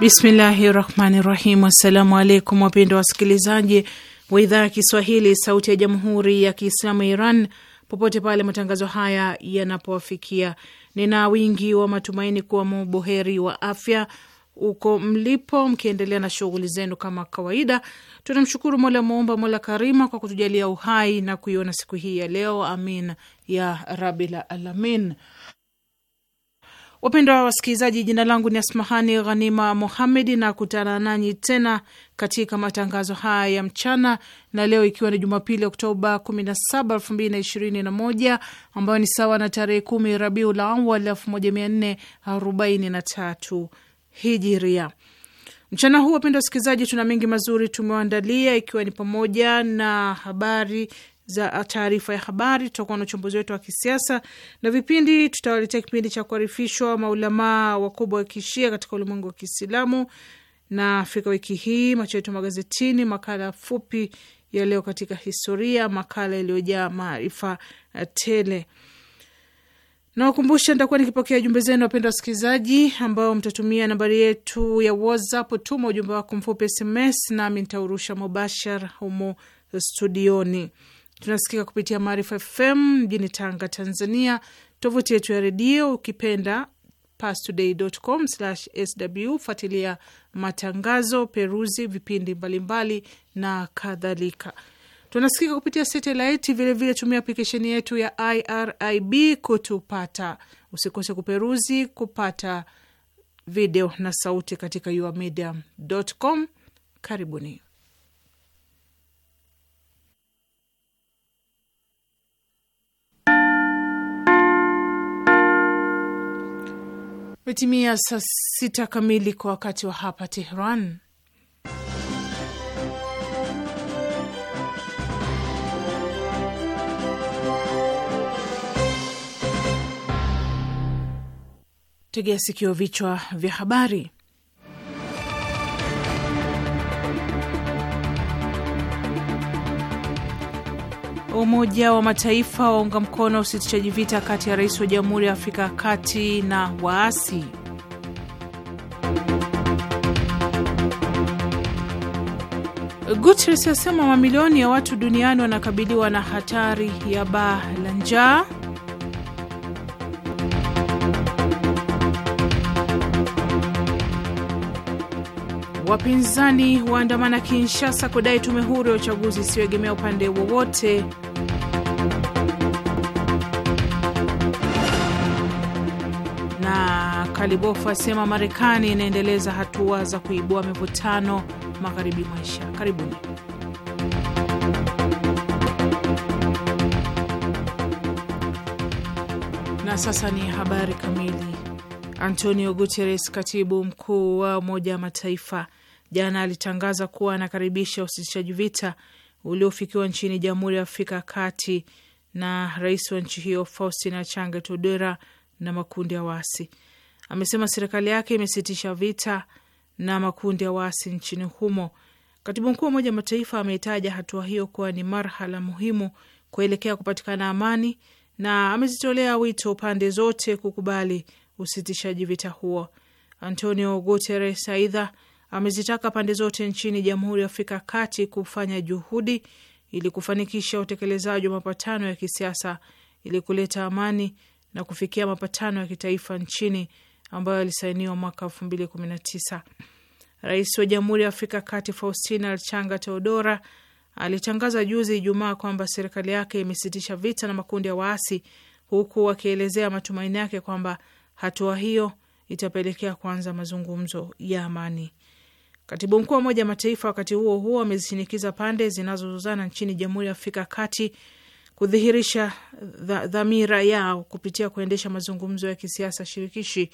Bismillahi rahmani rahim. Assalamu alaikum wapendo wasikilizaji wa idhaa ya Kiswahili sauti ya jamhuri ya Kiislamu ya Iran popote pale matangazo haya yanapowafikia, nina wingi wa matumaini kuwa muboheri wa afya uko mlipo, mkiendelea na shughuli zenu kama kawaida. Tunamshukuru Mola Muumba, Mola Karima kwa kutujalia uhai na kuiona siku hii ya leo. Amin ya rabil alamin. Wapendwa wa wasikilizaji, jina langu ni Asmahani Ghanima Muhamedi na kutana nanyi tena katika matangazo haya ya mchana, na leo ikiwa ni Jumapili Oktoba 17, 2021 ambayo ni sawa na tarehe kumi Rabiul awal 1443 Hijiria. Mchana huu wapendwa wasikilizaji, tuna mengi mazuri tumewaandalia, ikiwa ni pamoja na habari za taarifa ya habari, tutakuwa na uchambuzi wetu wa kisiasa na vipindi. Tutawaletea kipindi cha kuarifishwa maulamaa wakubwa wa kishia katika ulimwengu wa Kiislamu na Afrika wiki hii, macho yetu magazetini, makala fupi ya leo katika historia, makala iliyojaa maarifa tele. Nawakumbusha, nitakuwa nikipokea jumbe zenu, wapenda wasikilizaji, ambao mtatumia nambari yetu ya WhatsApp. Tuma ujumbe wako mfupi SMS, nami nitaurusha mubashara humo studioni. Tunasikika kupitia Maarifa FM mjini Tanga, Tanzania. Tovuti yetu ya redio ukipenda pastoday.com sw. Fuatilia matangazo, peruzi vipindi mbalimbali na kadhalika. Tunasikika kupitia satelaiti vilevile. Tumia aplikesheni yetu ya IRIB kutupata. Usikose kuperuzi kupata video na sauti katika yourmedia.com. Karibuni. Imetimia saa sita kamili kwa wakati wa hapa Tehran. Tegea sikio, vichwa vya habari. Umoja wa Mataifa waunga mkono usitishaji vita kati ya rais wa Jamhuri ya Afrika ya Kati na waasi. Guterres asema mamilioni ya watu duniani wanakabiliwa na hatari ya baa la njaa. Wapinzani waandamana Kinshasa kudai tume huru ya uchaguzi isiyoegemea upande wowote Jenerali Bofu asema Marekani inaendeleza hatua za kuibua mivutano magharibi mwa Asia. Karibuni. Na sasa ni habari kamili. Antonio Guterres, katibu mkuu wa Umoja wa Mataifa, jana alitangaza kuwa anakaribisha usitishaji vita uliofikiwa nchini Jamhuri ya Afrika ya Kati na rais wa nchi hiyo Faustin Archange Touadera na makundi ya waasi amesema serikali yake imesitisha vita na makundi ya waasi nchini humo. Katibu mkuu wa Umoja wa Mataifa ameitaja hatua hiyo kuwa ni marhala muhimu kuelekea kupatikana amani na amezitolea wito pande zote kukubali usitishaji vita huo. Antonio Guterres aidha amezitaka pande zote nchini Jamhuri ya Afrika Kati kufanya juhudi ili kufanikisha utekelezaji wa mapatano ya kisiasa ili kuleta amani na kufikia mapatano ya kitaifa nchini ambayo alisainiwa mwaka elfu mbili kumi na tisa. Rais wa Jamhuri ya Afrika Kati Faustina Archange Teodora alitangaza juzi Ijumaa kwamba serikali yake imesitisha vita na makundi ya waasi, huku akielezea matumaini yake kwamba hatua hiyo itapelekea kuanza mazungumzo ya amani. Katibu mkuu wa Umoja Mataifa wakati huo huo amezishinikiza pande zinazozozana nchini Jamhuri ya Afrika Kati kudhihirisha dhamira yao kupitia kuendesha mazungumzo ya kisiasa shirikishi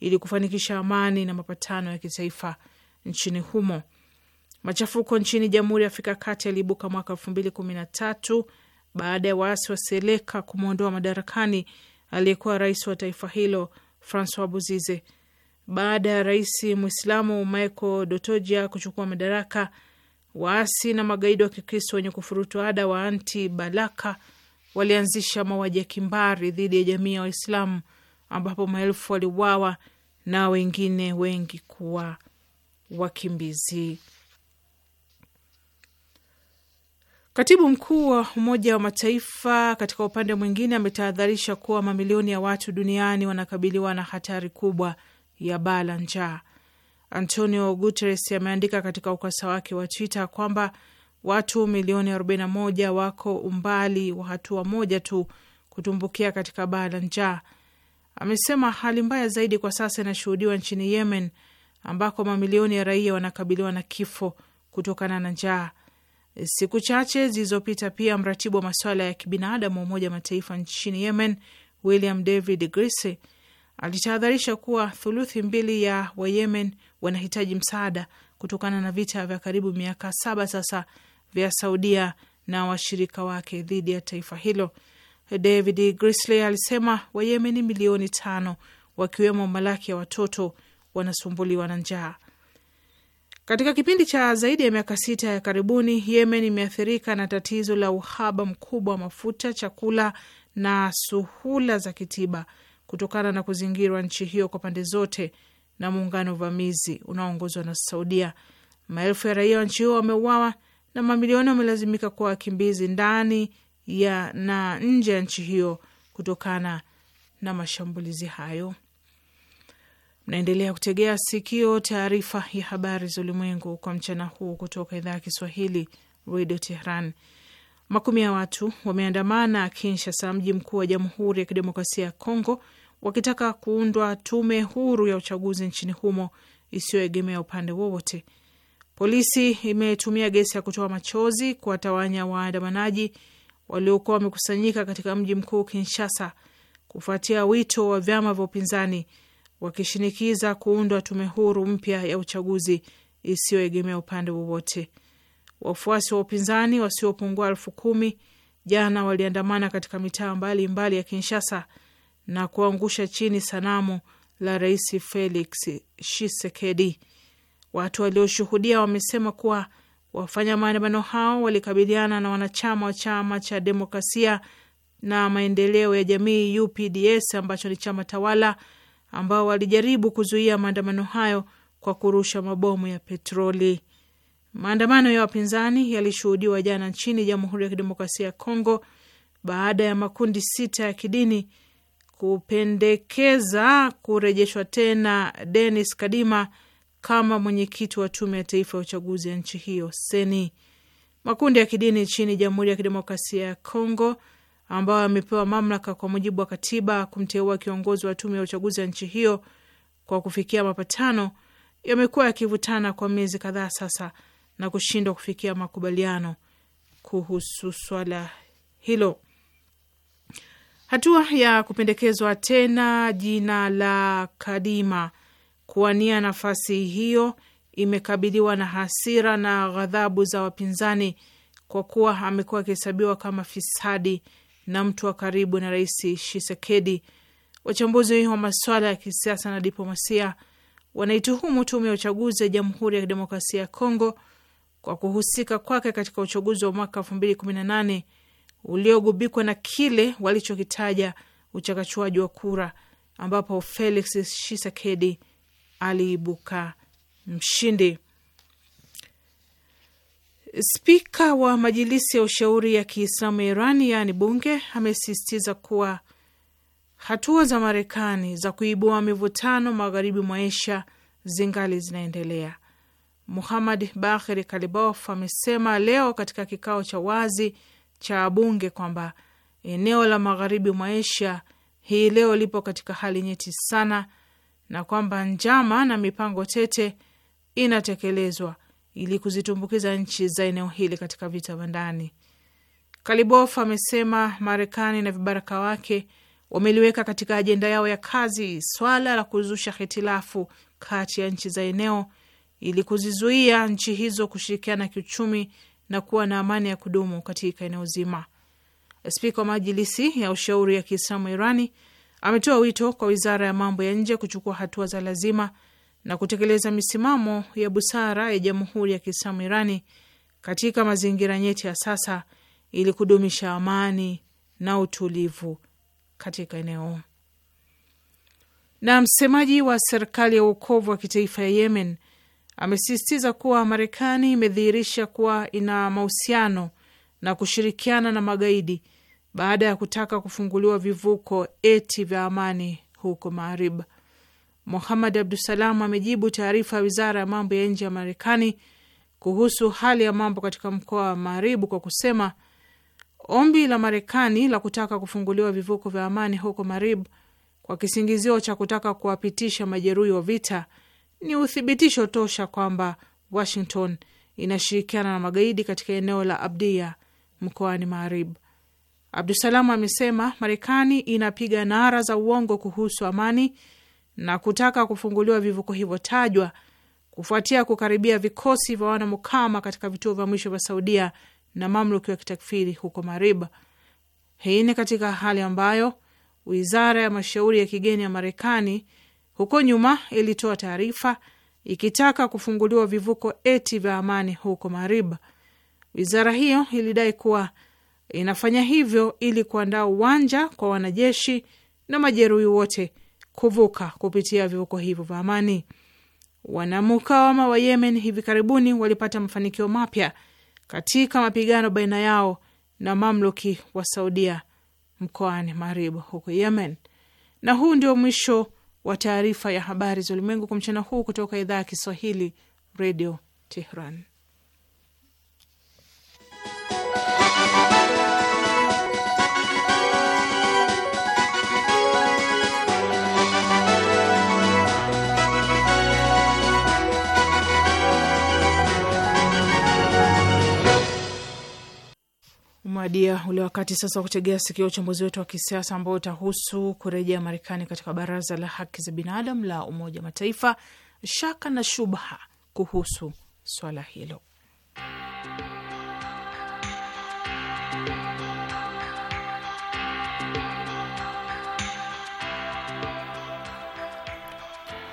ili kufanikisha amani na mapatano ya kitaifa nchini humo. Machafuko nchini Jamhuri ya Afrika Kati yaliibuka mwaka elfu mbili kumi na tatu baada ya waasi wa Seleka kumwondoa madarakani aliyekuwa rais wa taifa hilo Francois Bozize. Baada ya rais Mwislamu Michael Dotoja kuchukua madaraka, Waasi na magaidi wa Kikristo wenye kufurutu ada wa Anti Balaka walianzisha mauaji ya kimbari dhidi ya jamii ya Waislamu ambapo maelfu waliuawa na wengine wengi kuwa wakimbizi. Katibu mkuu wa Umoja wa Mataifa katika upande mwingine ametahadharisha kuwa mamilioni ya watu duniani wanakabiliwa na hatari kubwa ya baa la njaa. Antonio Guterres ameandika katika ukurasa wake wa Twitter kwamba watu milioni 41 wako umbali wa hatua moja tu kutumbukia katika baa la njaa. Amesema hali mbaya zaidi kwa sasa inashuhudiwa nchini Yemen, ambako mamilioni ya raia wanakabiliwa na kifo kutokana na njaa. Siku chache zilizopita pia mratibu wa masuala ya kibinadamu wa Umoja Mataifa nchini Yemen, William David Grise, alitahadharisha kuwa thuluthi mbili ya Wayemen wanahitaji msaada kutokana na vita vya karibu miaka saba sasa vya Saudia na washirika wake dhidi ya taifa hilo. David Grisley alisema Wayemeni milioni tano wakiwemo malaki ya watoto wanasumbuliwa na njaa. Katika kipindi cha zaidi ya miaka sita ya karibuni, Yemen imeathirika na tatizo la uhaba mkubwa wa mafuta, chakula na suhula za kitiba kutokana na kuzingirwa nchi hiyo kwa pande zote na muungano uvamizi unaoongozwa na Saudia. Maelfu ya raia wa nchi huo wameuawa na mamilioni wamelazimika kuwa wakimbizi ndani ya na nje ya nchi hiyo kutokana na mashambulizi hayo. Mnaendelea kutegea sikio taarifa ya habari za ulimwengu kwa mchana huu kutoka idhaa ya Kiswahili Radio Tehran. Makumi ya watu wameandamana Kinshasa, mji mkuu wa Jamhuri ya Kidemokrasia ya Kongo, wakitaka kuundwa tume huru ya uchaguzi nchini humo isiyoegemea upande wowote. Polisi imetumia gesi ya kutoa machozi kuwatawanya waandamanaji waliokuwa wamekusanyika katika mji mkuu Kinshasa kufuatia wito wa vyama vya upinzani wakishinikiza kuundwa tume huru mpya ya uchaguzi isiyoegemea upande wowote. Wafuasi wa upinzani wasiopungua elfu kumi jana waliandamana katika mitaa mbalimbali ya Kinshasa na kuangusha chini sanamu la Rais Felix Tshisekedi. Watu walioshuhudia wamesema kuwa wafanya maandamano hao walikabiliana na wanachama wa chama cha demokrasia na maendeleo ya jamii UPDS ambacho ni chama tawala, ambao walijaribu kuzuia maandamano hayo kwa kurusha mabomu ya petroli. Maandamano ya wapinzani yalishuhudiwa jana nchini Jamhuri ya Kidemokrasia ya Kongo baada ya makundi sita ya kidini kupendekeza kurejeshwa tena Denis Kadima kama mwenyekiti wa tume ya taifa ya uchaguzi ya nchi hiyo seni. Makundi ya kidini nchini Jamhuri ya Kidemokrasia ya Kongo ambayo yamepewa mamlaka kwa mujibu wa katiba kumteua kiongozi wa tume ya uchaguzi ya nchi hiyo kwa kufikia mapatano, yamekuwa yakivutana kwa miezi kadhaa sasa na kushindwa kufikia makubaliano kuhusu swala hilo. Hatua ya kupendekezwa tena jina la Kadima kuwania nafasi hiyo imekabiliwa na hasira na ghadhabu za wapinzani kwa kuwa amekuwa akihesabiwa kama fisadi na mtu wa karibu na Rais Shisekedi. Wachambuzi wa masuala ya kisiasa na diplomasia wanaituhumu tume ya uchaguzi ya Jamhuri ya Kidemokrasia ya Kongo kwa kuhusika kwake katika uchaguzi wa mwaka elfu mbili kumi na nane uliogubikwa na kile walichokitaja uchakachuaji wa kura, ambapo Felix Shisekedi aliibuka mshindi. Spika wa Majilisi ya Ushauri ya Kiislamu ya Iran, yaani bunge, amesisitiza kuwa hatua za Marekani za kuibua mivutano magharibi mwa Asia zingali zinaendelea. Muhamad Bakhir Kalibof amesema leo katika kikao cha wazi cha bunge kwamba eneo la magharibi mwa Asia hii leo lipo katika hali nyeti sana, na kwamba njama na mipango tete inatekelezwa ili kuzitumbukiza nchi za eneo hili katika vita vya ndani. Kalibof amesema Marekani na vibaraka wake wameliweka katika ajenda yao ya kazi swala la kuzusha hitilafu kati ya nchi za eneo ili kuzizuia nchi hizo kushirikiana kiuchumi na kuwa na amani ya kudumu katika eneo zima. Spika wa Majilisi ya Ushauri ya Kiislamu Irani ametoa wito kwa wizara ya mambo ya nje kuchukua hatua za lazima na kutekeleza misimamo ya busara ya Jamhuri ya Kiislamu Irani katika mazingira nyeti ya sasa ili kudumisha amani na utulivu katika eneo. Na msemaji wa serikali ya uokovu wa kitaifa ya Yemen amesisitiza kuwa Marekani imedhihirisha kuwa ina mahusiano na kushirikiana na magaidi baada ya kutaka kufunguliwa vivuko eti vya amani huko Maarib. Mohamad Abdusalam amejibu taarifa ya wizara ya mambo ya nje ya Marekani kuhusu hali ya mambo katika mkoa wa Maaribu kwa kusema ombi la Marekani la kutaka kufunguliwa vivuko vya amani huko Marib kwa kisingizio cha kutaka kuwapitisha majeruhi wa vita ni uthibitisho tosha kwamba Washington inashirikiana na magaidi katika eneo la Abdia mkoani Maarib. Abdusalamu amesema Marekani inapiga nara za uongo kuhusu amani na kutaka kufunguliwa vivuko hivyo tajwa kufuatia kukaribia vikosi vya wanamukama katika vituo vya mwisho vya Saudia na mamluki wa kitakfiri huko Marib. Hii ni katika hali ambayo wizara ya mashauri ya kigeni ya Marekani huko nyuma ilitoa taarifa ikitaka kufunguliwa vivuko eti vya amani huko Mariba. Wizara hiyo ilidai kuwa inafanya hivyo ili kuandaa uwanja kwa wanajeshi na majeruhi wote kuvuka kupitia vivuko hivyo vya amani. Wanamukawama wa Yemen hivi karibuni walipata mafanikio mapya katika mapigano baina yao na mamluki wa Saudia mkoani Maribu huko Yemen. Na huu ndio mwisho wa taarifa ya habari za ulimwengu kwa mchana huu kutoka idhaa ya Kiswahili, Redio Tehran. Umewadia ule wakati sasa wa kutegea sikio uchambuzi wetu wa kisiasa ambao utahusu kurejea Marekani katika Baraza la Haki za Binadamu la Umoja Mataifa, shaka na shubha kuhusu swala hilo.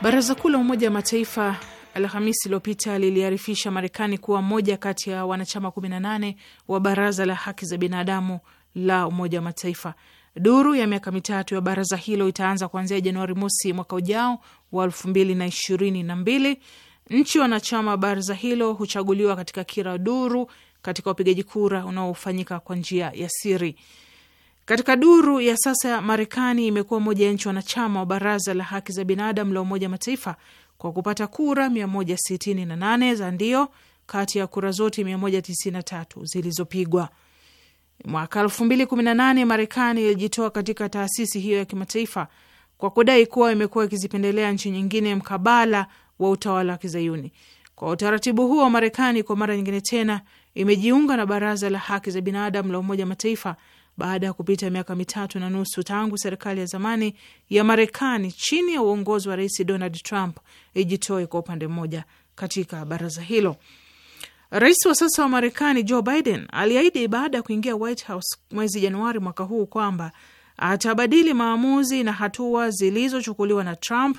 Baraza Kuu la Umoja wa Mataifa Alhamisi iliyopita liliarifisha Marekani kuwa moja kati ya wanachama 18 wa Baraza la Haki za Binadamu la Umoja wa Mataifa. Duru ya miaka mitatu ya baraza hilo itaanza kuanzia Januari mosi mwaka ujao wa elfu mbili na ishirini na mbili. Nchi wanachama wa baraza hilo huchaguliwa katika kila duru katika upigaji kura unaofanyika kwa njia ya siri. Katika duru ya sasa, Marekani imekuwa moja ya nchi wanachama wa baraza la haki za binadamu la Umoja Mataifa kwa kupata kura 168 za ndio kati ya kura zote 193 zilizopigwa. Mwaka 2018 Marekani ilijitoa katika taasisi hiyo ya kimataifa kwa kudai kuwa imekuwa ikizipendelea nchi nyingine mkabala wa utawala wa Kizayuni. Kwa utaratibu huo, Marekani kwa mara nyingine tena imejiunga na Baraza la Haki za Binadamu la Umoja Mataifa baada ya kupita miaka mitatu na nusu tangu serikali ya zamani ya Marekani chini ya uongozi wa Rais Donald Trump ijitoe kwa upande mmoja katika baraza hilo. Rais wa sasa wa Marekani Joe Biden aliahidi baada ya kuingia White House mwezi Januari mwaka huu kwamba atabadili maamuzi na hatua zilizochukuliwa na Trump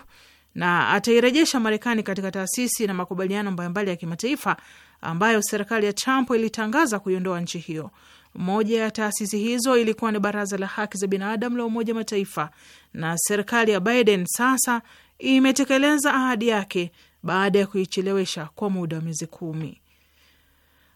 na atairejesha Marekani katika taasisi na makubaliano mbalimbali ya kimataifa ambayo serikali ya Trump ilitangaza kuiondoa nchi hiyo. Moja ya taasisi hizo ilikuwa ni Baraza la Haki za Binadamu la Umoja wa Mataifa, na serikali ya Biden sasa imetekeleza ahadi yake baada ya kuichelewesha kwa muda wa miezi kumi.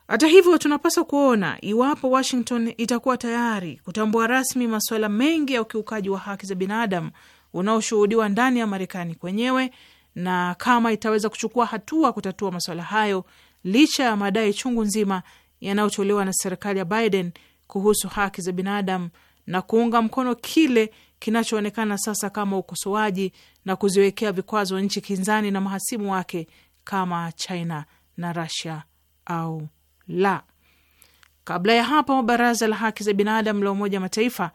Hata hivyo, tunapaswa kuona iwapo Washington itakuwa tayari kutambua rasmi masuala mengi ya ukiukaji wa haki za binadamu unaoshuhudiwa ndani ya Marekani kwenyewe na kama itaweza kuchukua hatua kutatua masuala hayo licha ya madai chungu nzima yanayotolewa na serikali ya Biden kuhusu haki za binadamu na kuunga mkono kile kinachoonekana sasa kama ukosoaji na kuziwekea vikwazo nchi kinzani na mahasimu wake kama China na Russia au la. Kabla ya hapo, baraza la haki za binadamu la Umoja wa Mataifa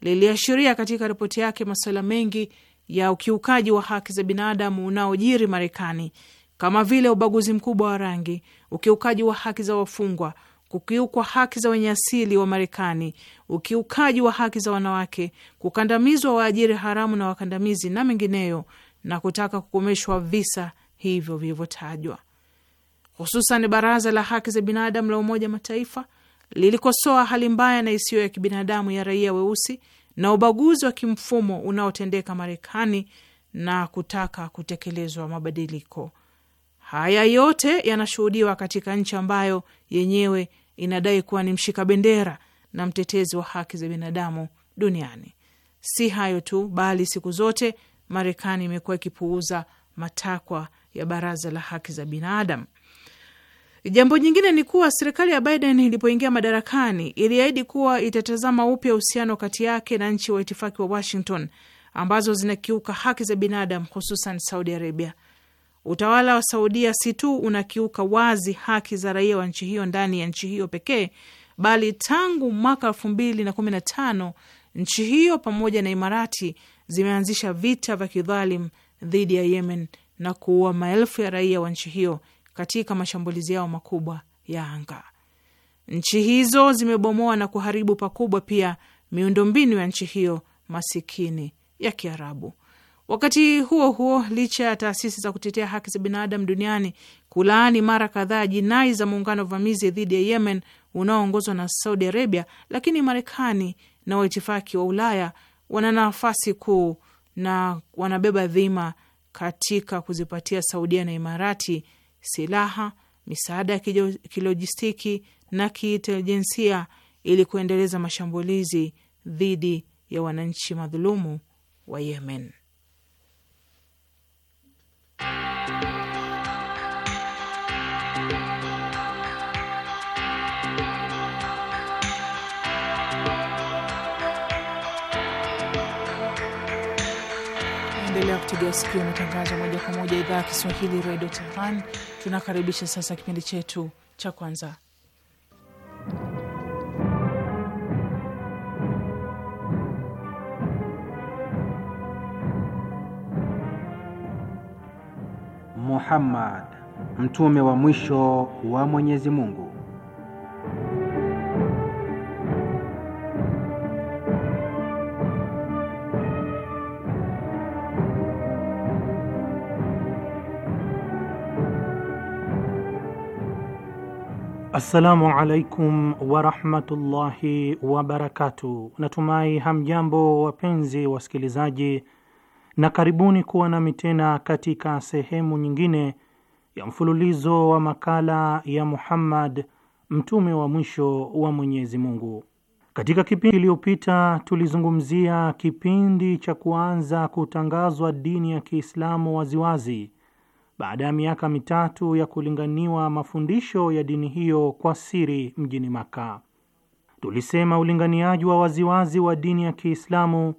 liliashiria katika ripoti yake masuala mengi ya ukiukaji wa haki za binadamu unaojiri Marekani kama vile ubaguzi mkubwa wa rangi, ukiukaji wa haki za wafungwa, kukiukwa haki za wenye asili wa Marekani, ukiukaji wa haki za wanawake, kukandamizwa waajiri haramu na wakandamizi na mengineyo, na kutaka kukomeshwa visa hivyo vilivyotajwa. Hususan, baraza la haki za binadamu la Umoja Mataifa lilikosoa hali mbaya na isiyo ya kibinadamu ya raia weusi na ubaguzi wa kimfumo unaotendeka Marekani na kutaka kutekelezwa mabadiliko. Haya yote yanashuhudiwa katika nchi ambayo yenyewe inadai kuwa ni mshika bendera na mtetezi wa haki za binadamu duniani. Si hayo tu, bali siku zote Marekani imekuwa ikipuuza matakwa ya baraza la haki za binadamu. Jambo nyingine ni kuwa serikali ya Biden ilipoingia madarakani iliahidi kuwa itatazama upya uhusiano kati yake na nchi wa itifaki wa Washington ambazo zinakiuka haki za binadamu, hususan Saudi Arabia. Utawala wa Saudia si tu unakiuka wazi haki za raia wa nchi hiyo ndani ya nchi hiyo pekee, bali tangu mwaka elfu mbili na kumi na tano nchi hiyo pamoja na Imarati zimeanzisha vita vya kidhalim dhidi ya Yemen na kuua maelfu ya raia wa nchi hiyo katika mashambulizi yao makubwa ya anga. Nchi hizo zimebomoa na kuharibu pakubwa pia miundombinu ya nchi hiyo masikini ya Kiarabu. Wakati huo huo, licha ya taasisi za kutetea haki za binadamu duniani kulaani mara kadhaa jinai za muungano wa vamizi dhidi ya Yemen unaoongozwa na Saudi Arabia, lakini Marekani na waitifaki wa Ulaya wana nafasi kuu na wanabeba dhima katika kuzipatia Saudia na Imarati silaha, misaada ya kilojistiki na kiintelijensia ili kuendeleza mashambulizi dhidi ya wananchi madhulumu wa Yemen. tegea sikio matangazo moja kwa moja idhaa ya Kiswahili redio Tehran. Tunakaribisha sasa kipindi chetu cha kwanza, Muhammad mtume wa mwisho wa Mwenyezi Mungu. Assalamu alaikum warahmatullahi wabarakatu. Natumai hamjambo wapenzi wasikilizaji, na karibuni kuwa nami tena katika sehemu nyingine ya mfululizo wa makala ya Muhammad mtume wa mwisho wa Mwenyezi Mungu. Katika kipindi iliyopita tulizungumzia kipindi cha kuanza kutangazwa dini ya Kiislamu waziwazi baada ya miaka mitatu ya kulinganiwa mafundisho ya dini hiyo kwa siri mjini Maka. Tulisema ulinganiaji wa waziwazi wa dini ya Kiislamu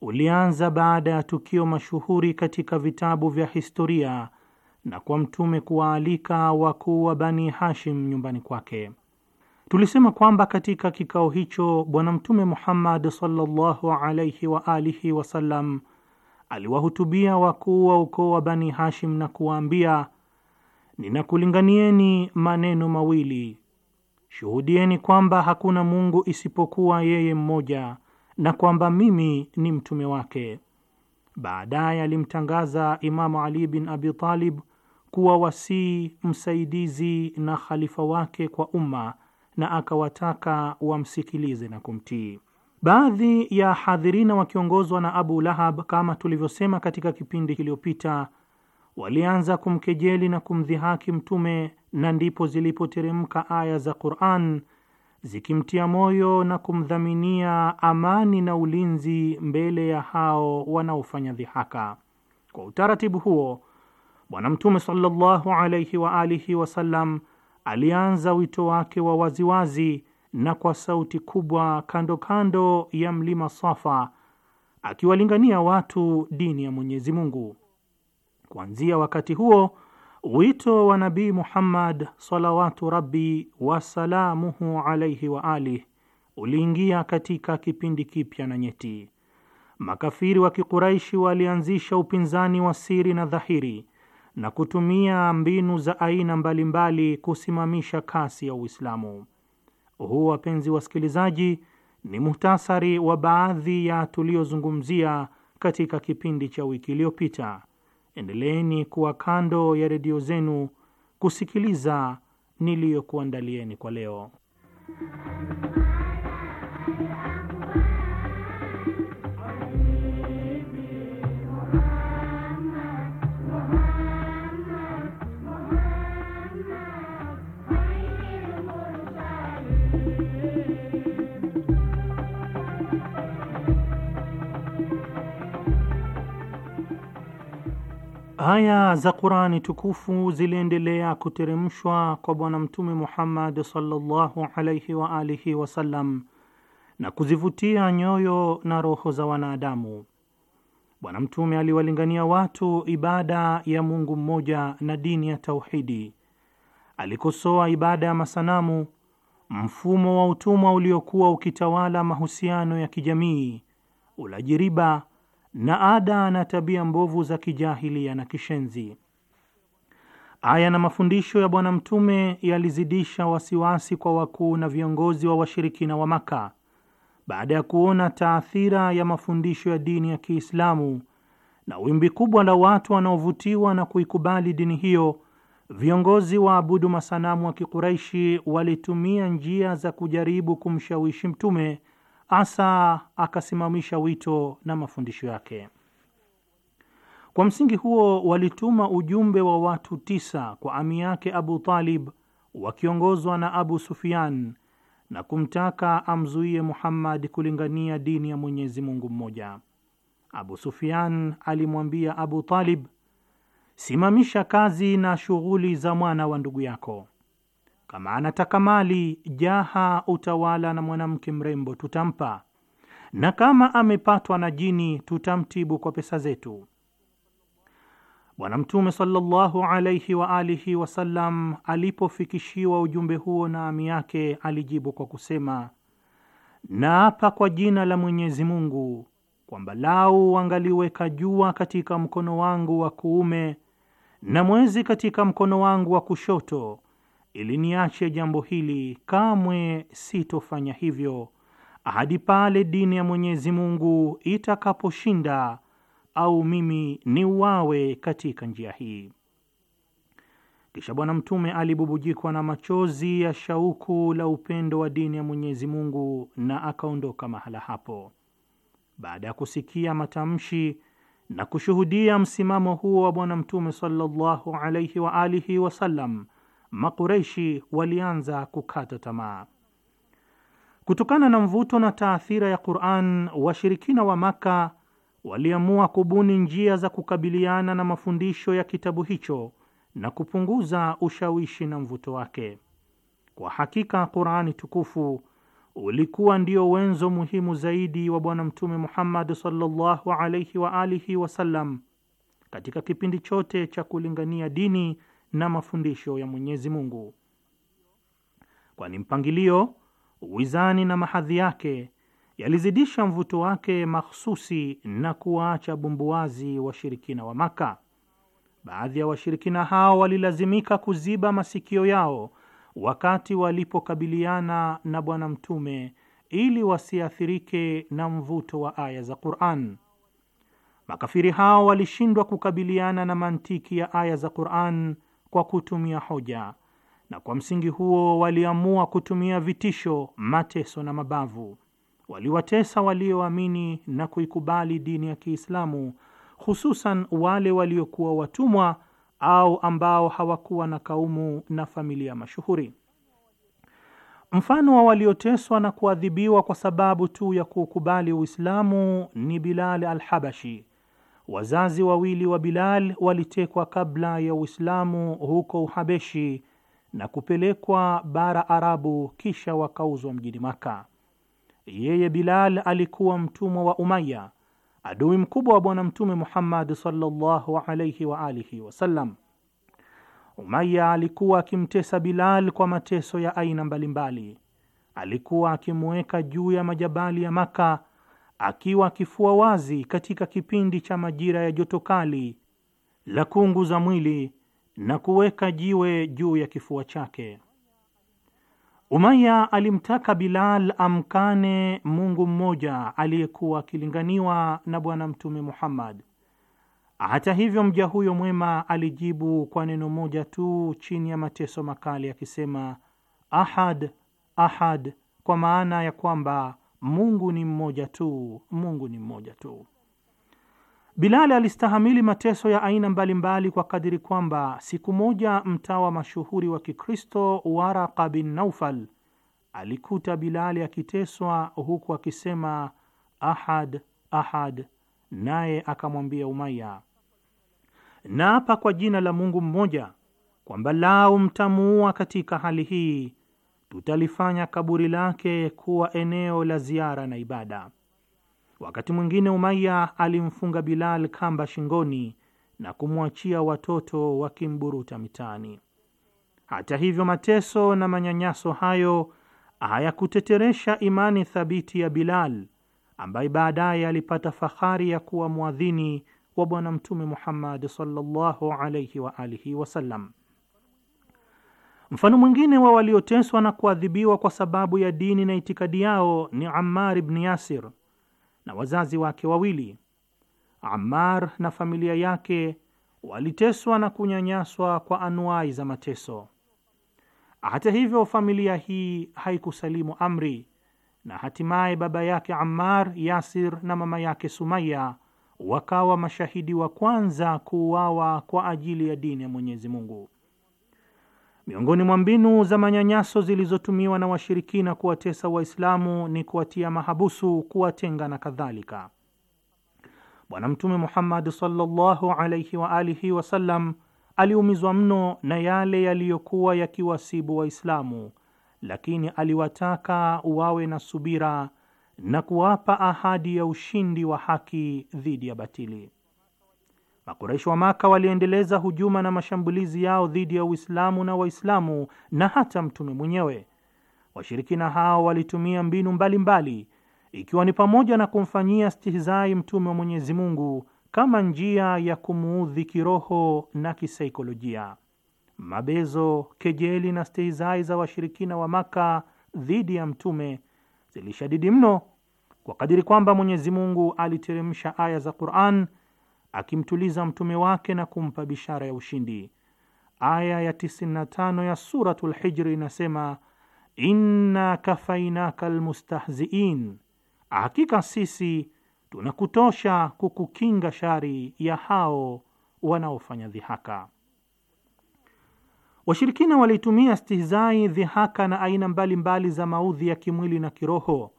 ulianza baada ya tukio mashuhuri katika vitabu vya historia na kwa Mtume kuwaalika wakuu wa Bani Hashim nyumbani kwake. Tulisema kwamba katika kikao hicho Bwana Mtume Muhammad sallallahu alaihi wa alihi wasallam aliwahutubia wakuu wa ukoo wa Bani Hashim na kuwaambia, ninakulinganieni maneno mawili: shuhudieni kwamba hakuna Mungu isipokuwa yeye mmoja, na kwamba mimi ni mtume wake. Baadaye alimtangaza Imamu Ali bin Abi Talib kuwa wasii, msaidizi na khalifa wake kwa umma, na akawataka wamsikilize na kumtii. Baadhi ya hadhirina wakiongozwa na Abu Lahab, kama tulivyosema katika kipindi kiliyopita, walianza kumkejeli na kumdhihaki Mtume, na ndipo zilipoteremka aya za Quran zikimtia moyo na kumdhaminia amani na ulinzi mbele ya hao wanaofanya dhihaka. Kwa utaratibu huo, Bwana Mtume sallallahu alaihi wa alihi wasallam alianza wito wake wa waziwazi na kwa sauti kubwa kando kando ya mlima Safa, akiwalingania watu dini ya Mwenyezi Mungu. Kuanzia wakati huo wito wa Nabii Muhammad salawatu rabbi wasalamuhu alaihi wa alih uliingia katika kipindi kipya na nyeti. Makafiri wa Kikuraishi walianzisha upinzani wa siri na dhahiri na kutumia mbinu za aina mbalimbali kusimamisha kasi ya Uislamu. Huu, wapenzi wasikilizaji, ni muhtasari wa baadhi ya tuliyozungumzia katika kipindi cha wiki iliyopita. Endeleeni kuwa kando ya redio zenu kusikiliza niliyokuandalieni kwa leo. Aya za Qurani tukufu ziliendelea kuteremshwa kwa Bwana Mtume Muhammad sallallahu alayhi wa alihi wasallam na kuzivutia nyoyo na roho za wanadamu. Bwana Mtume aliwalingania watu ibada ya Mungu mmoja na dini ya tauhidi. Alikosoa ibada ya masanamu, mfumo wa utumwa uliokuwa ukitawala mahusiano ya kijamii, ulajiriba riba na ada na tabia mbovu za kijahilia na kishenzi. Aya na mafundisho ya Bwana Mtume yalizidisha wasiwasi kwa wakuu na viongozi wa washirikina wa Maka baada ya kuona taathira ya mafundisho ya dini ya Kiislamu na wimbi kubwa la watu wanaovutiwa na kuikubali dini hiyo. Viongozi wa abudu masanamu wa Kikuraishi walitumia njia za kujaribu kumshawishi Mtume hasa akasimamisha wito na mafundisho yake. Kwa msingi huo walituma ujumbe wa watu tisa kwa ami yake Abu Talib wakiongozwa na Abu Sufyan na kumtaka amzuie Muhammad kulingania dini ya Mwenyezi Mungu mmoja. Abu Sufyan alimwambia Abu Talib, simamisha kazi na shughuli za mwana wa ndugu yako. Kama anataka mali, jaha, utawala na mwanamke mrembo, tutampa, na kama amepatwa na jini, tutamtibu kwa pesa zetu. Bwana Mtume sallallahu alayhi wa alihi wasallam alipofikishiwa ujumbe huo na ami yake, alijibu kwa kusema, naapa kwa jina la Mwenyezi Mungu kwamba lau wangaliweka jua katika mkono wangu wa kuume na mwezi katika mkono wangu wa kushoto ili niache jambo hili, kamwe sitofanya hivyo hadi pale dini ya Mwenyezi Mungu itakaposhinda au mimi ni uwawe katika njia hii. Kisha Bwana Mtume alibubujikwa na machozi ya shauku la upendo wa dini ya Mwenyezi Mungu na akaondoka mahala hapo. Baada ya kusikia matamshi na kushuhudia msimamo huo wa Bwana Mtume sallallahu alaihi wa alihi wasallam, Makureishi walianza kukata tamaa kutokana na mvuto na taathira ya Quran. Washirikina wa Maka waliamua kubuni njia za kukabiliana na mafundisho ya kitabu hicho na kupunguza ushawishi na mvuto wake. Kwa hakika Qurani tukufu ulikuwa ndio wenzo muhimu zaidi wa Bwana Mtume Muhammad sallallahu alaihi wa alihi wasallam katika kipindi chote cha kulingania dini na mafundisho ya Mwenyezi Mungu, kwani mpangilio, uwizani na mahadhi yake yalizidisha mvuto wake mahsusi na kuwaacha bumbuazi washirikina wa Maka. Baadhi ya washirikina hao walilazimika kuziba masikio yao wakati walipokabiliana na Bwana Mtume ili wasiathirike na mvuto wa aya za Qur'an. Makafiri hao walishindwa kukabiliana na mantiki ya aya za Qur'an kwa kutumia hoja, na kwa msingi huo waliamua kutumia vitisho, mateso na mabavu. Waliwatesa walioamini na kuikubali dini ya Kiislamu, hususan wale waliokuwa watumwa au ambao hawakuwa na kaumu na familia mashuhuri. Mfano wa walioteswa na kuadhibiwa kwa sababu tu ya kuukubali Uislamu ni Bilal al-Habashi Wazazi wawili wa Bilal walitekwa kabla ya Uislamu huko Uhabeshi na kupelekwa bara Arabu, kisha wakauzwa mjini Maka. Yeye Bilal alikuwa mtumwa wa Umaya, adui mkubwa wa Bwana Mtume Muhammad sallallahu alayhi wa alihi wasallam. Umaya alikuwa akimtesa Bilal kwa mateso ya aina mbalimbali. Alikuwa akimweka juu ya majabali ya Maka akiwa kifua wazi katika kipindi cha majira ya joto kali la kungu za mwili na kuweka jiwe juu ya kifua chake. Umaya alimtaka Bilal amkane Mungu mmoja aliyekuwa akilinganiwa na Bwana Mtume Muhammad. Hata hivyo, mja huyo mwema alijibu kwa neno moja tu chini ya mateso makali akisema, ahad ahad, kwa maana ya kwamba Mungu ni mmoja tu, Mungu ni mmoja tu. Bilali alistahamili mateso ya aina mbalimbali mbali kwa kadiri kwamba siku moja mtawa mashuhuri wa Kikristo Waraka bin Naufal alikuta Bilali akiteswa huku akisema ahad ahad, naye akamwambia Umaya, naapa kwa jina la Mungu mmoja kwamba lau mtamuua katika hali hii tutalifanya kaburi lake kuwa eneo la ziara na ibada. Wakati mwingine Umaya alimfunga Bilal kamba shingoni na kumwachia watoto wakimburuta mitaani. Hata hivyo, mateso na manyanyaso hayo hayakuteteresha imani thabiti ya Bilal ambaye baadaye alipata fahari ya kuwa mwadhini wa Bwana Mtume Muhammad sallallahu alayhi wa alihi wasallam. Mfano mwingine wa walioteswa na kuadhibiwa kwa sababu ya dini na itikadi yao ni Ammar ibn Yasir na wazazi wake wawili. Ammar na familia yake waliteswa na kunyanyaswa kwa anuai za mateso. Hata hivyo, familia hii haikusalimu amri, na hatimaye baba yake Ammar, Yasir na mama yake Sumaya wakawa mashahidi wa kwanza kuuawa kwa ajili ya dini ya Mwenyezi Mungu. Miongoni mwa mbinu za manyanyaso zilizotumiwa na washirikina kuwatesa Waislamu ni kuwatia mahabusu, kuwatenga na kadhalika. Bwana Mtume Muhammad sallallahu alaihi wa alihi wasallam aliumizwa mno na yale yaliyokuwa yakiwasibu Waislamu, lakini aliwataka wawe na subira na kuwapa ahadi ya ushindi wa haki dhidi ya batili. Makuraishi wa Maka waliendeleza hujuma na mashambulizi yao dhidi ya Uislamu na Waislamu na hata mtume mwenyewe. Washirikina hao walitumia mbinu mbalimbali mbali, ikiwa ni pamoja na kumfanyia stihizai mtume wa Mwenyezi Mungu kama njia ya kumuudhi kiroho na kisaikolojia. Mabezo, kejeli na stihizai za washirikina wa Maka dhidi ya mtume zilishadidi mno kwa kadiri kwamba Mwenyezi Mungu aliteremsha aya za Qur'an akimtuliza mtume wake na kumpa bishara ya ushindi. Aya ya 95 ya Suratul Hijri inasema inna kafainaka almustahziin, hakika sisi tunakutosha kukukinga shari ya hao wanaofanya dhihaka. Washirikina walitumia stihzai, dhihaka na aina mbalimbali mbali za maudhi ya kimwili na kiroho,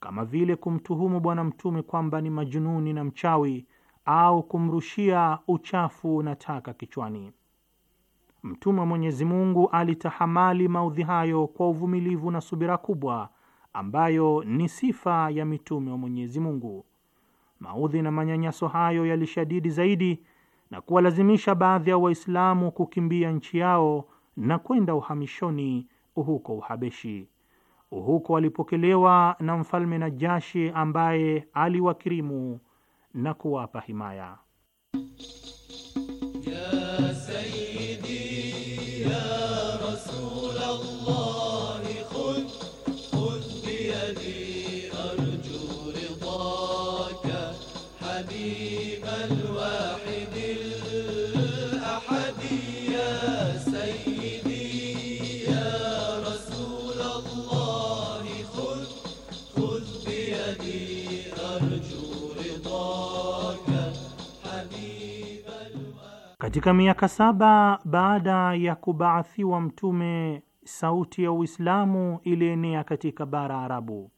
kama vile kumtuhumu Bwana Mtume kwamba ni majununi na mchawi au kumrushia uchafu na taka kichwani. Mtume wa Mwenyezi Mungu alitahamali maudhi hayo kwa uvumilivu na subira kubwa ambayo ni sifa ya mitume wa Mwenyezi Mungu. Maudhi na manyanyaso hayo yalishadidi zaidi na kuwalazimisha baadhi ya Waislamu kukimbia nchi yao na kwenda uhamishoni huko Uhabeshi. Huko walipokelewa na mfalme Najashi ambaye aliwakirimu na kuwapa himaya ya sayyidi, Katika miaka saba baada ya kubaathiwa Mtume, sauti ya Uislamu ilienea katika bara Arabu.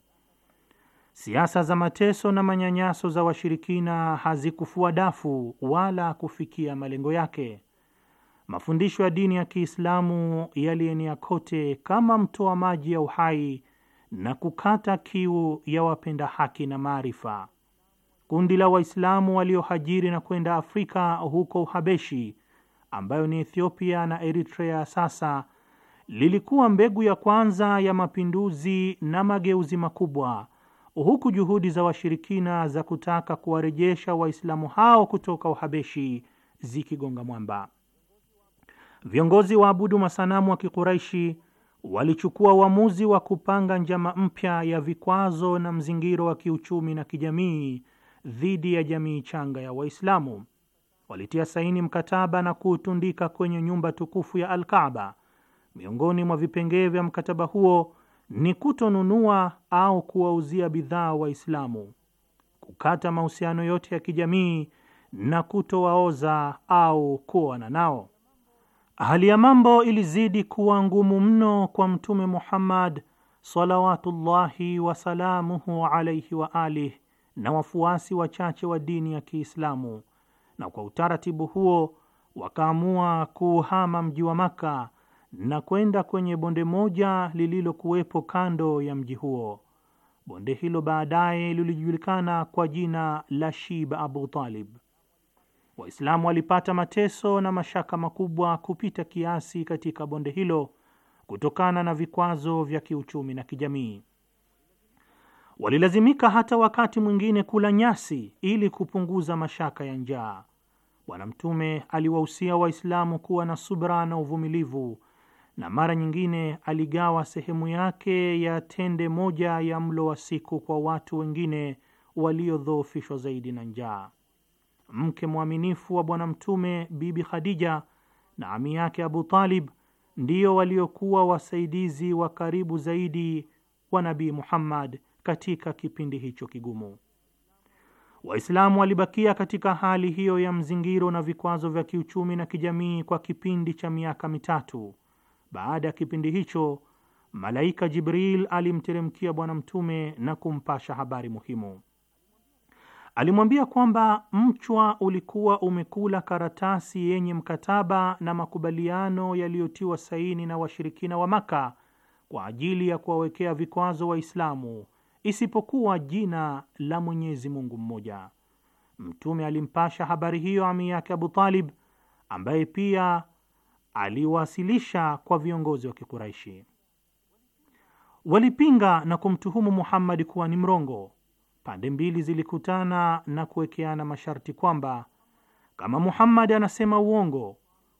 Siasa za mateso na manyanyaso za washirikina hazikufua dafu wala kufikia malengo yake. Mafundisho ya dini ya Kiislamu yalienea kote kama mtoa maji ya uhai na kukata kiu ya wapenda haki na maarifa kundi la Waislamu waliohajiri na kwenda Afrika huko Uhabeshi, ambayo ni Ethiopia na Eritrea sasa, lilikuwa mbegu ya kwanza ya mapinduzi na mageuzi makubwa, huku juhudi za washirikina za kutaka kuwarejesha Waislamu hao kutoka Uhabeshi zikigonga mwamba. Viongozi wa abudu masanamu wa Kikuraishi walichukua uamuzi wa kupanga njama mpya ya vikwazo na mzingiro wa kiuchumi na kijamii dhidi ya jamii changa ya Waislamu. Walitia saini mkataba na kuutundika kwenye nyumba tukufu ya Alkaaba. Miongoni mwa vipengee vya mkataba huo ni kutonunua au kuwauzia bidhaa Waislamu, kukata mahusiano yote ya kijamii na kutowaoza au kuoana nao. Hali ya mambo ilizidi kuwa ngumu mno kwa Mtume Muhammad salawatullahi wasalamuhu alaihi wa alihi na wafuasi wachache wa dini ya Kiislamu, na kwa utaratibu huo wakaamua kuuhama mji wa Maka na kwenda kwenye bonde moja lililokuwepo kando ya mji huo. Bonde hilo baadaye lilijulikana kwa jina la Shib Abu Talib. Waislamu walipata mateso na mashaka makubwa kupita kiasi katika bonde hilo kutokana na vikwazo vya kiuchumi na kijamii. Walilazimika hata wakati mwingine kula nyasi ili kupunguza mashaka ya njaa. Bwana Mtume aliwahusia Waislamu kuwa na subra na uvumilivu, na mara nyingine aligawa sehemu yake ya tende moja ya mlo wa siku kwa watu wengine waliodhoofishwa zaidi na njaa. Mke mwaminifu wa Bwana Mtume, Bibi Khadija, na ami yake Abu Talib ndio waliokuwa wasaidizi wa karibu zaidi wa Nabii Muhammad katika kipindi hicho kigumu. Waislamu walibakia katika hali hiyo ya mzingiro na vikwazo vya kiuchumi na kijamii kwa kipindi cha miaka mitatu. Baada ya kipindi hicho, malaika Jibril alimteremkia Bwana Mtume na kumpasha habari muhimu. Alimwambia kwamba mchwa ulikuwa umekula karatasi yenye mkataba na makubaliano yaliyotiwa saini na washirikina wa Maka kwa ajili ya kuwawekea vikwazo Waislamu isipokuwa jina la Mwenyezi Mungu mmoja. Mtume alimpasha habari hiyo ami yake Abu Talib, ambaye pia aliwasilisha kwa viongozi wa Kikuraishi. Walipinga na kumtuhumu Muhammad kuwa ni mrongo. Pande mbili zilikutana na kuwekeana masharti kwamba kama Muhammad anasema uongo,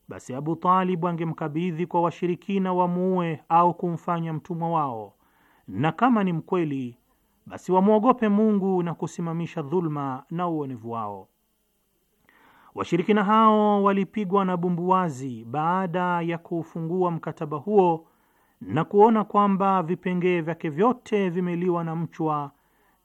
basi Abu Talib angemkabidhi kwa washirikina wamuue au kumfanya mtumwa wao, na kama ni mkweli basi wamwogope Mungu na kusimamisha dhulma na uonevu wao. Washirikina hao walipigwa na bumbuwazi baada ya kuufungua mkataba huo na kuona kwamba vipengee vyake vyote vimeliwa na mchwa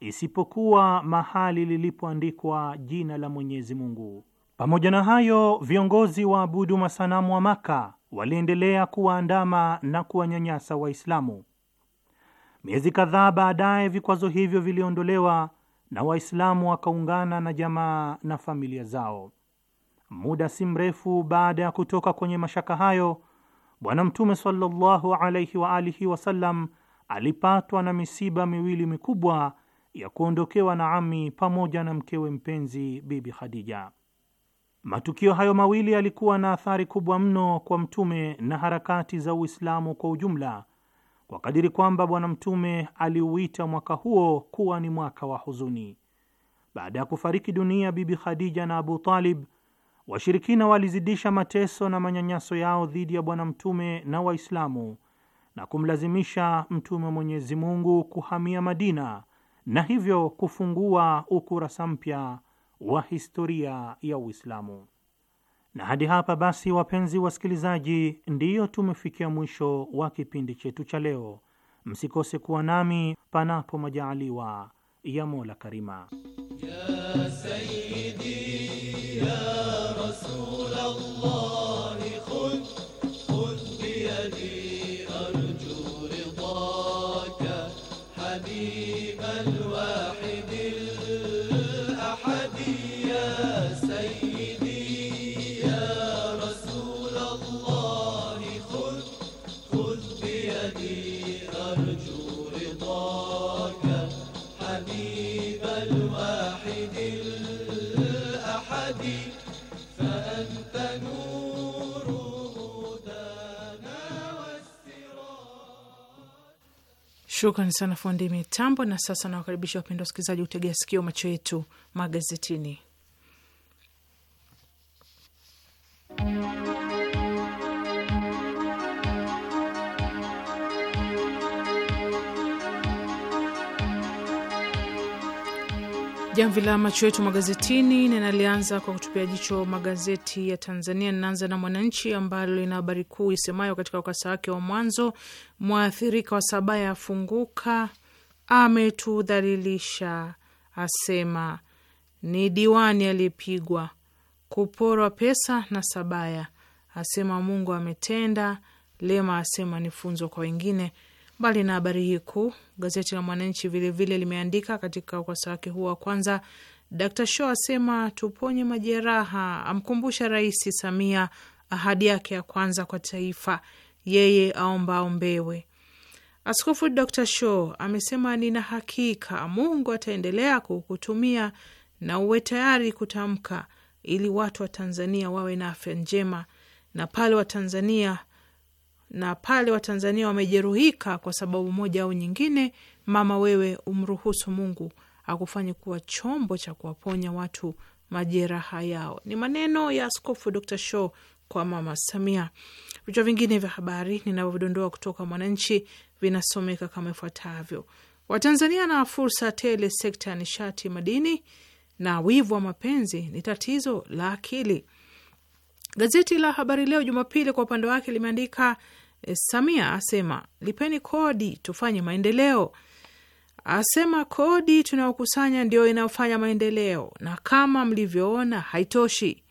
isipokuwa mahali lilipoandikwa jina la Mwenyezi Mungu. Pamoja na hayo, viongozi wa abudu masanamu wa Maka waliendelea kuwaandama na kuwanyanyasa Waislamu. Miezi kadhaa baadaye vikwazo hivyo viliondolewa na Waislamu wakaungana na jamaa na familia zao. Muda si mrefu baada ya kutoka kwenye mashaka hayo, Bwana Mtume sallallahu alaihi wa alihi wasallam alipatwa na misiba miwili mikubwa ya kuondokewa na ami pamoja na mkewe mpenzi Bibi Khadija. Matukio hayo mawili yalikuwa na athari kubwa mno kwa Mtume na harakati za Uislamu kwa ujumla kwa kadiri kwamba Bwana Mtume aliuita mwaka huo kuwa ni mwaka wa huzuni. Baada ya kufariki dunia Bibi Khadija na Abu Talib, washirikina walizidisha mateso na manyanyaso yao dhidi ya Bwana Mtume na Waislamu na kumlazimisha Mtume wa Mwenyezi Mungu kuhamia Madina na hivyo kufungua ukurasa mpya wa historia ya Uislamu. Na hadi hapa basi, wapenzi wasikilizaji, ndiyo tumefikia mwisho wa kipindi chetu cha leo. Msikose kuwa nami panapo majaaliwa ya Mola Karima ya Sayyidi, ya Shukrani sana fundi mitambo. Na sasa nawakaribisha wapenda wasikilizaji, utegea sikio macho yetu magazetini. jamvi la macho yetu magazetini, ninalianza kwa kutupia jicho magazeti ya Tanzania. Ninaanza na Mwananchi ambalo lina habari kuu isemayo katika ukasa wake wa mwanzo, mwathirika wa Sabaya afunguka, ametudhalilisha asema ni diwani aliyepigwa, kuporwa pesa na Sabaya asema Mungu ametenda, Lema asema ni funzo kwa wengine Mbali na habari hii kuu, gazeti la Mwananchi vilevile limeandika katika ukurasa wake huo wa kwanza, d Sho asema tuponye majeraha, amkumbusha Rais Samia ahadi yake ya kwanza kwa taifa, yeye aomba aombewe. Askofu Dr sho amesema nina hakika Mungu ataendelea kukutumia na uwe tayari kutamka, ili watu wa Tanzania wawe na afya njema, na pale Watanzania na pale Watanzania wamejeruhika kwa sababu moja au nyingine, mama wewe, umruhusu Mungu akufanye kuwa chombo cha kuwaponya watu majeraha yao. Ni maneno ya Askofu Dr Shaw kwa Mama Samia. Vichwa vingine vya habari ninavyovidondoa kutoka Mwananchi vinasomeka kama ifuatavyo: Watanzania na fursa tele sekta ya nishati, madini na wivu wa mapenzi ni tatizo la akili. Gazeti la Habari Leo Jumapili kwa upande wake limeandika eh, Samia asema lipeni kodi tufanye maendeleo, asema kodi tunayokusanya ndio inayofanya maendeleo, na kama mlivyoona haitoshi,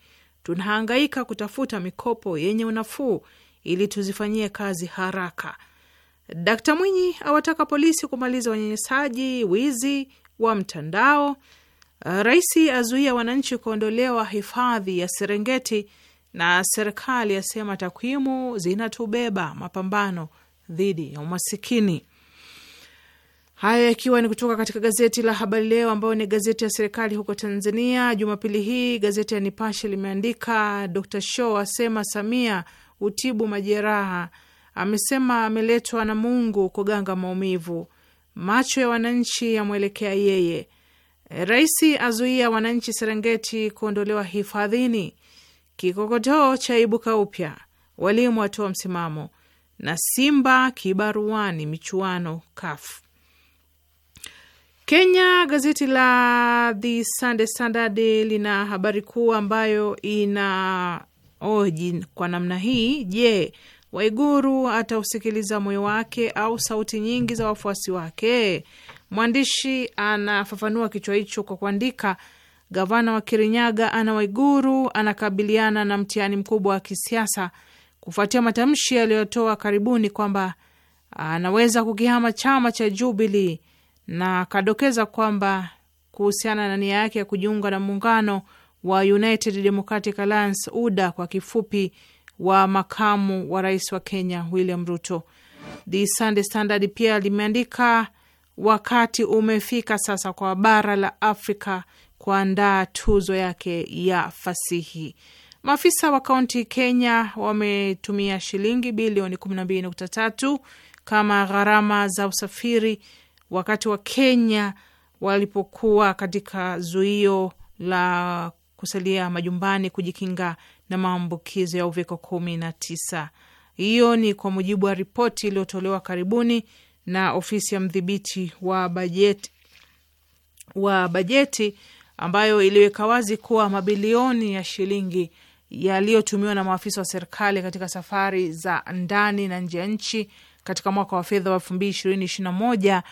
tunahangaika kutafuta mikopo yenye unafuu ili tuzifanyie kazi haraka. Dkt Mwinyi awataka polisi kumaliza wanyenyesaji wizi wa mtandao. raisi azuia wananchi kuondolewa hifadhi ya Serengeti na serikali yasema takwimu zinatubeba mapambano dhidi ya umasikini. haya yakiwa ni kutoka katika gazeti la Habari Leo, ambayo ni gazeti ya serikali huko Tanzania. Jumapili hii gazeti ya Nipashe limeandika Dr Shaw asema Samia utibu majeraha, amesema ameletwa na Mungu kuganga maumivu, macho ya wananchi yamwelekea yeye, rais azuia wananchi Serengeti kuondolewa hifadhini Kikokotoo cha ibuka upya, walimu watoa msimamo, na Simba kibaruani michuano kafu Kenya. Gazeti la The Sunday Standard lina habari kuu ambayo ina oji kwa namna hii: Je, Waiguru atausikiliza moyo wake au sauti nyingi za wafuasi wake? Mwandishi anafafanua kichwa hicho kwa kuandika gavana wa Kirinyaga Ana Waiguru anakabiliana na mtihani mkubwa wa kisiasa kufuatia matamshi yaliyotoa karibuni kwamba anaweza kukihama chama cha Jubilee na akadokeza kwamba kuhusiana na nia yake ya kujiunga na muungano wa United Democratic Alliance UDA kwa kifupi wa makamu wa rais wa Kenya William Ruto. The Sunday Standard pia limeandika wakati umefika sasa kwa bara la Afrika kuandaa tuzo yake ya fasihi. Maafisa wa kaunti Kenya wametumia shilingi bilioni 12.3 kama gharama za usafiri wakati wa Kenya walipokuwa katika zuio la kusalia majumbani kujikinga na maambukizo ya uviko 19. Hiyo ni kwa mujibu wa ripoti iliyotolewa karibuni na ofisi ya mdhibiti wa bajeti wa bajeti ambayo iliweka wazi kuwa mabilioni ya shilingi yaliyotumiwa na maafisa wa serikali katika safari za ndani na nje ya nchi katika mwaka wa fedha wa elfu mbili ishirini ishirini na moja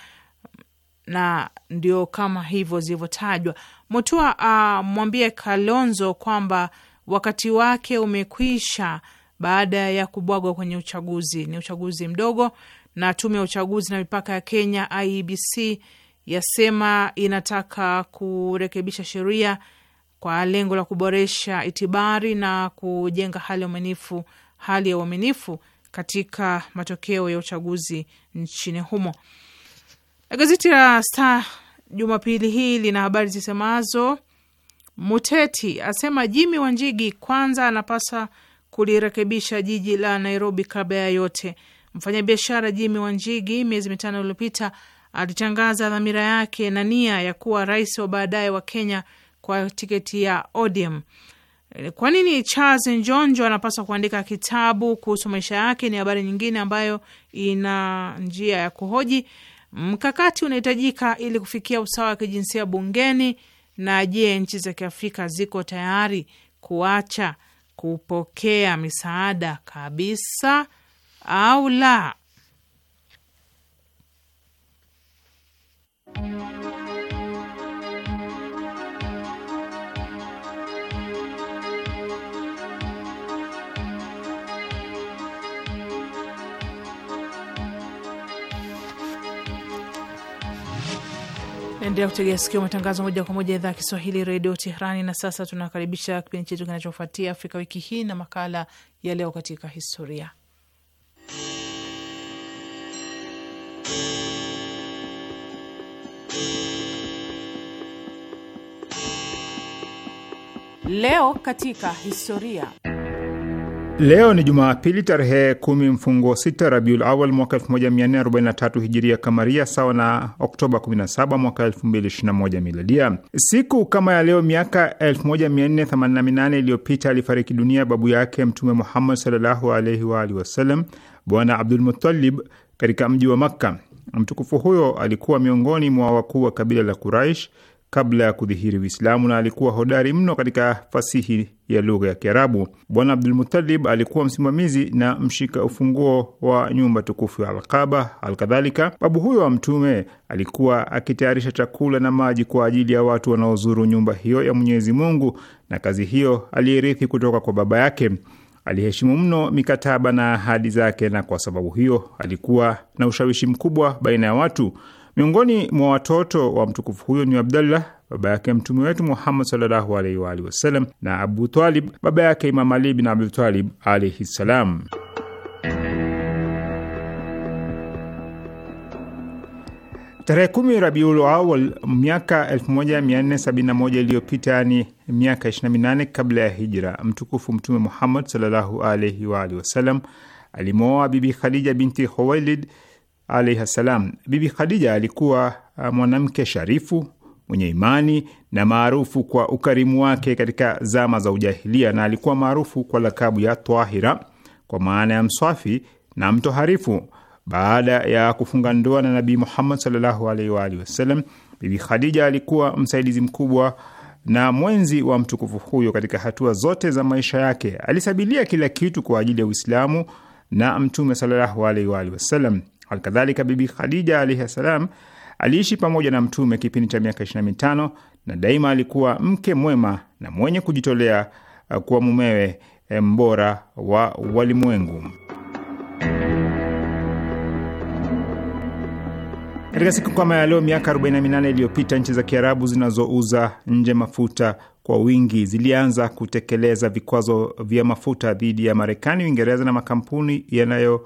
na ndio kama hivyo zilivyotajwa. Mutua amwambie ah, uh, Kalonzo kwamba wakati wake umekwisha baada ya kubwagwa kwenye uchaguzi. Ni uchaguzi mdogo, na tume ya uchaguzi na mipaka ya Kenya IEBC yasema inataka kurekebisha sheria kwa lengo la kuboresha itibari na kujenga hali ya uaminifu hali ya uaminifu katika matokeo ya uchaguzi nchini humo. gazeti la Star Jumapili hii lina habari zisemazo Muteti asema Jimi Wanjigi kwanza anapasa kulirekebisha jiji la Nairobi kabla ya yote. Mfanyabiashara Jimi Wanjigi miezi mitano iliyopita alitangaza dhamira yake na nia ya kuwa rais wa baadaye wa Kenya kwa tiketi ya ODM. Eh, kwa nini Charles Njonjo anapaswa kuandika kitabu kuhusu maisha yake? Ni habari nyingine ambayo ina njia ya kuhoji mkakati unahitajika ili kufikia usawa wa kijinsia bungeni, na je, nchi za Kiafrika ziko tayari kuacha kupokea misaada kabisa au la? Endelea kutegea sikio matangazo moja kwa moja idhaa ya Kiswahili redio Teherani. Na sasa tunakaribisha kipindi chetu kinachofuatia Afrika wiki hii na makala ya leo katika historia. Leo katika historia. Leo ni Jumapili tarehe kumi mfungo sita Rabiul Awal mwaka 1443 hijiria kamaria, sawa na Oktoba 17 mwaka 2021 miladia. Siku kama ya leo miaka 1488 iliyopita alifariki dunia babu yake Mtume Muhammad sallallahu alaihi wa alihi wasallam, Bwana Abdul Muttalib katika mji wa Makka. Mtukufu huyo alikuwa miongoni mwa wakuu wa kabila la Quraish kabla ya kudhihiri Uislamu na alikuwa hodari mno katika fasihi ya lugha ya Kiarabu. Bwana Abdulmutalib alikuwa msimamizi na mshika ufunguo wa nyumba tukufu ya Alkaba. Alkadhalika, babu huyo wa Mtume alikuwa akitayarisha chakula na maji kwa ajili ya watu wanaozuru nyumba hiyo ya Mwenyezi Mungu, na kazi hiyo aliyerithi kutoka kwa baba yake. Aliheshimu mno mikataba na ahadi zake, na kwa sababu hiyo alikuwa na ushawishi mkubwa baina ya watu. Miongoni mwa watoto wa mtukufu huyo ni abdullah baba yake mtume wetu Muhammad sallallahu alaihi wa alihi wasallam na Abu Talib baba yake Imam Ali bin Abi Talib alaihi salam. Tarehe kumi Rabiul Awal miaka 1471 iliyopita, yani miaka 28 kabla ya hijra, mtukufu Mtume Muhammad sallallahu alaihi wa alihi wasallam alimwoa Bibi Khadija binti Khuwailid alaihi ssalam. Bibi Khadija alikuwa uh, mwanamke sharifu mwenye imani na maarufu kwa ukarimu wake katika zama za ujahilia, na alikuwa maarufu kwa lakabu ya Twahira kwa maana ya mswafi na mtoharifu. Baada ya kufunga ndoa na Nabii Muhammad sallallahu alaihi wa alihi wasallam, Bibi Khadija alikuwa msaidizi mkubwa na mwenzi wa mtukufu huyo katika hatua zote za maisha yake. Alisabilia kila kitu kwa ajili ya Uislamu na Mtume sallallahu alaihi wa alihi wasallam. Halikadhalika, Bibi Khadija alaihi salam aliishi pamoja na Mtume kipindi cha miaka 25 na daima alikuwa mke mwema na mwenye kujitolea uh, kuwa mumewe eh, mbora wa walimwengu. Katika siku kama ya leo miaka 48 iliyopita nchi za Kiarabu zinazouza nje mafuta kwa wingi zilianza kutekeleza vikwazo vya mafuta dhidi ya Marekani, Uingereza na makampuni yanayo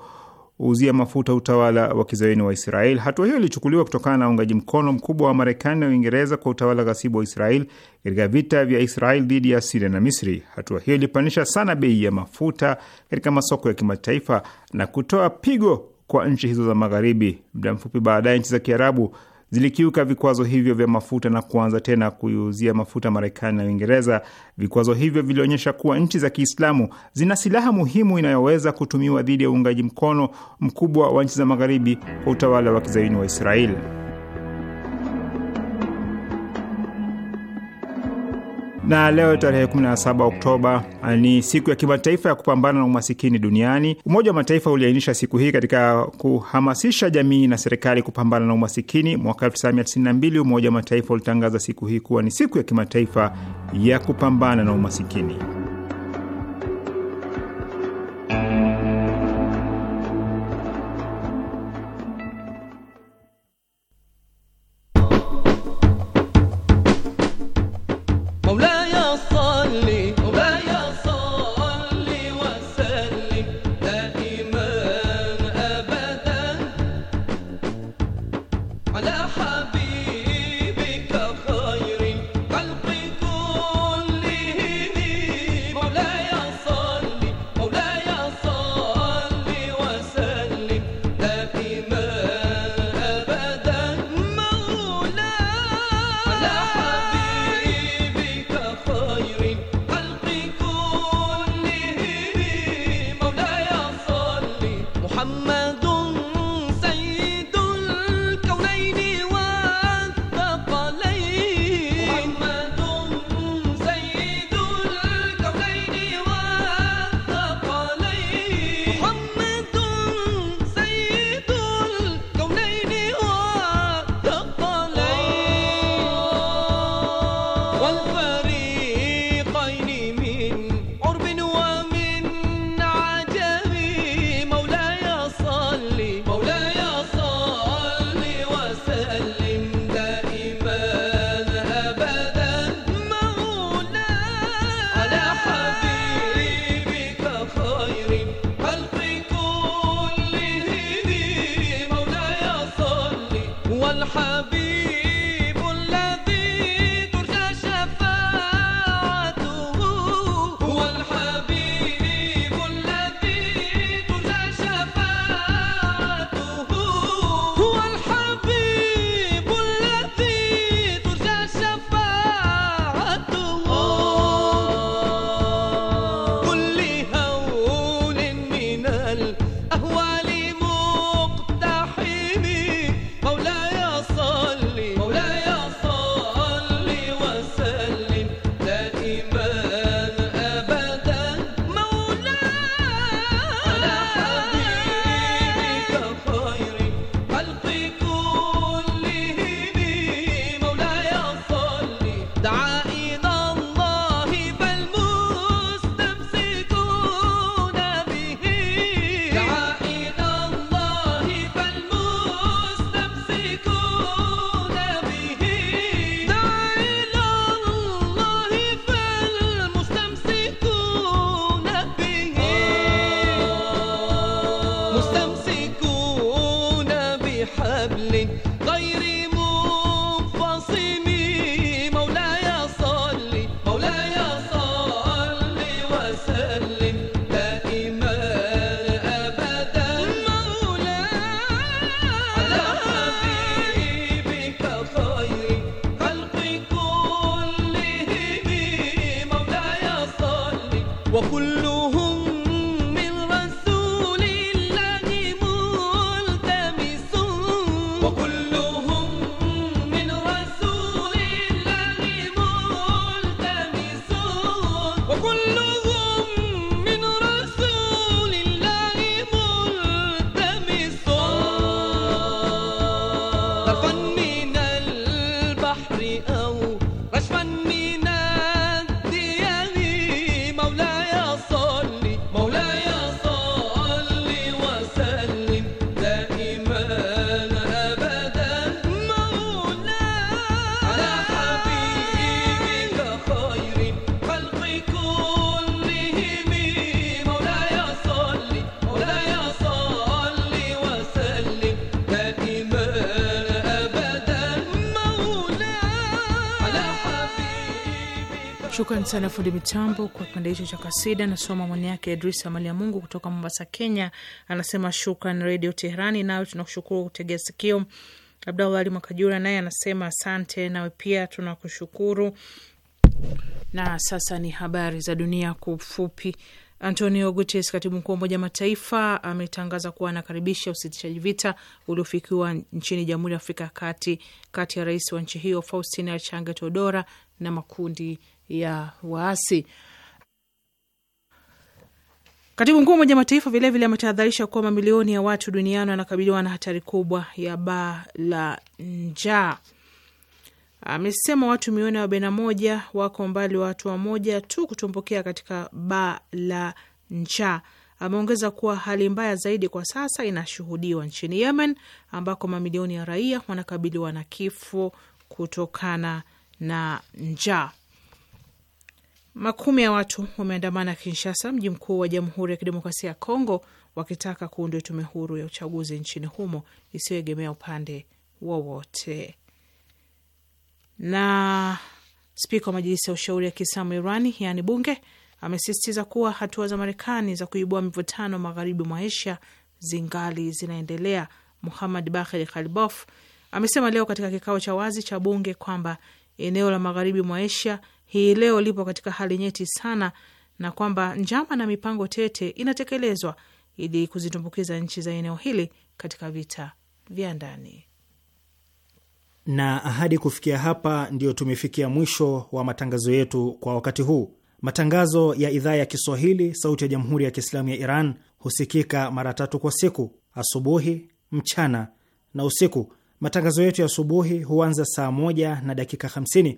kuuzia mafuta utawala wa kizayuni wa Israel. Hatua hiyo ilichukuliwa kutokana na uungaji mkono mkubwa wa Marekani na Uingereza kwa utawala ghasibu wa Israel katika vita vya Israel dhidi ya Siria na Misri. Hatua hiyo ilipandisha sana bei ya mafuta katika masoko ya kimataifa na kutoa pigo kwa nchi hizo za Magharibi. Muda mfupi baadaye, nchi za Kiarabu zilikiuka vikwazo hivyo vya mafuta na kuanza tena kuiuzia mafuta Marekani na Uingereza. Vikwazo hivyo vilionyesha kuwa nchi za Kiislamu zina silaha muhimu inayoweza kutumiwa dhidi ya uungaji mkono mkubwa wa nchi za Magharibi kwa utawala wa kizaini wa Israeli. na leo tarehe 17 Oktoba eh, ni siku ya kimataifa ya kupambana na umasikini duniani. Umoja wa Mataifa uliainisha siku hii katika kuhamasisha jamii na serikali kupambana na umasikini. Mwaka 1992 Umoja wa Mataifa ulitangaza siku hii kuwa ni siku ya kimataifa ya kupambana na umasikini. حبيبي sana fundi mitambo kwa kipande hicho cha kasida. Nasoma maoni yake Idrisa Mali ya Mungu kutoka Mombasa, Kenya, anasema shukran Redio Teherani, nayo tunakushukuru kutegea sikio. Abdallah Ali Mwakajura naye anasema asante, nawe pia tunakushukuru. Na sasa ni habari za dunia kwa ufupi. Antonio Guterres, katibu mkuu wa Umoja Mataifa, ametangaza kuwa anakaribisha usitishaji vita uliofikiwa nchini Jamhuri ya Afrika ya Kati kati ya rais wa nchi hiyo Faustin Archange Todora na makundi ya waasi. Katibu mkuu wa Umoja Mataifa vilevile ametahadharisha kuwa mamilioni ya watu duniani wanakabiliwa na hatari kubwa ya baa la njaa. Amesema watu milioni arobaini na moja wako mbali wa hatua wamoja tu kutumbukia katika baa la njaa. Ameongeza kuwa hali mbaya zaidi kwa sasa inashuhudiwa nchini Yemen, ambako mamilioni ya raia wanakabiliwa na kifo kutokana na njaa. Makumi ya watu wameandamana Kinshasa, mji mkuu wa Jamhuri ya Kidemokrasia ya Kongo, wakitaka kuundwa tume huru ya uchaguzi nchini humo isiyoegemea upande wowote. Na spika wa Majilisi ya Ushauri ya Kiislamu Irani, yaani bunge, amesisitiza kuwa hatua za Marekani za kuibua mivutano magharibi mwa Asia zingali zinaendelea. Muhamad Bahir Khalibof amesema leo katika kikao cha wazi cha bunge kwamba eneo la magharibi mwa Asia hii leo lipo katika hali nyeti sana, na kwamba njama na mipango tete inatekelezwa ili kuzitumbukiza nchi za eneo hili katika vita vya ndani. Na ahadi kufikia hapa, ndiyo tumefikia mwisho wa matangazo yetu kwa wakati huu. Matangazo ya idhaa ya Kiswahili sauti ya Jamhuri ya Kiislamu ya Iran husikika mara tatu kwa siku: asubuhi, mchana na usiku. Matangazo yetu ya asubuhi huanza saa moja na dakika 50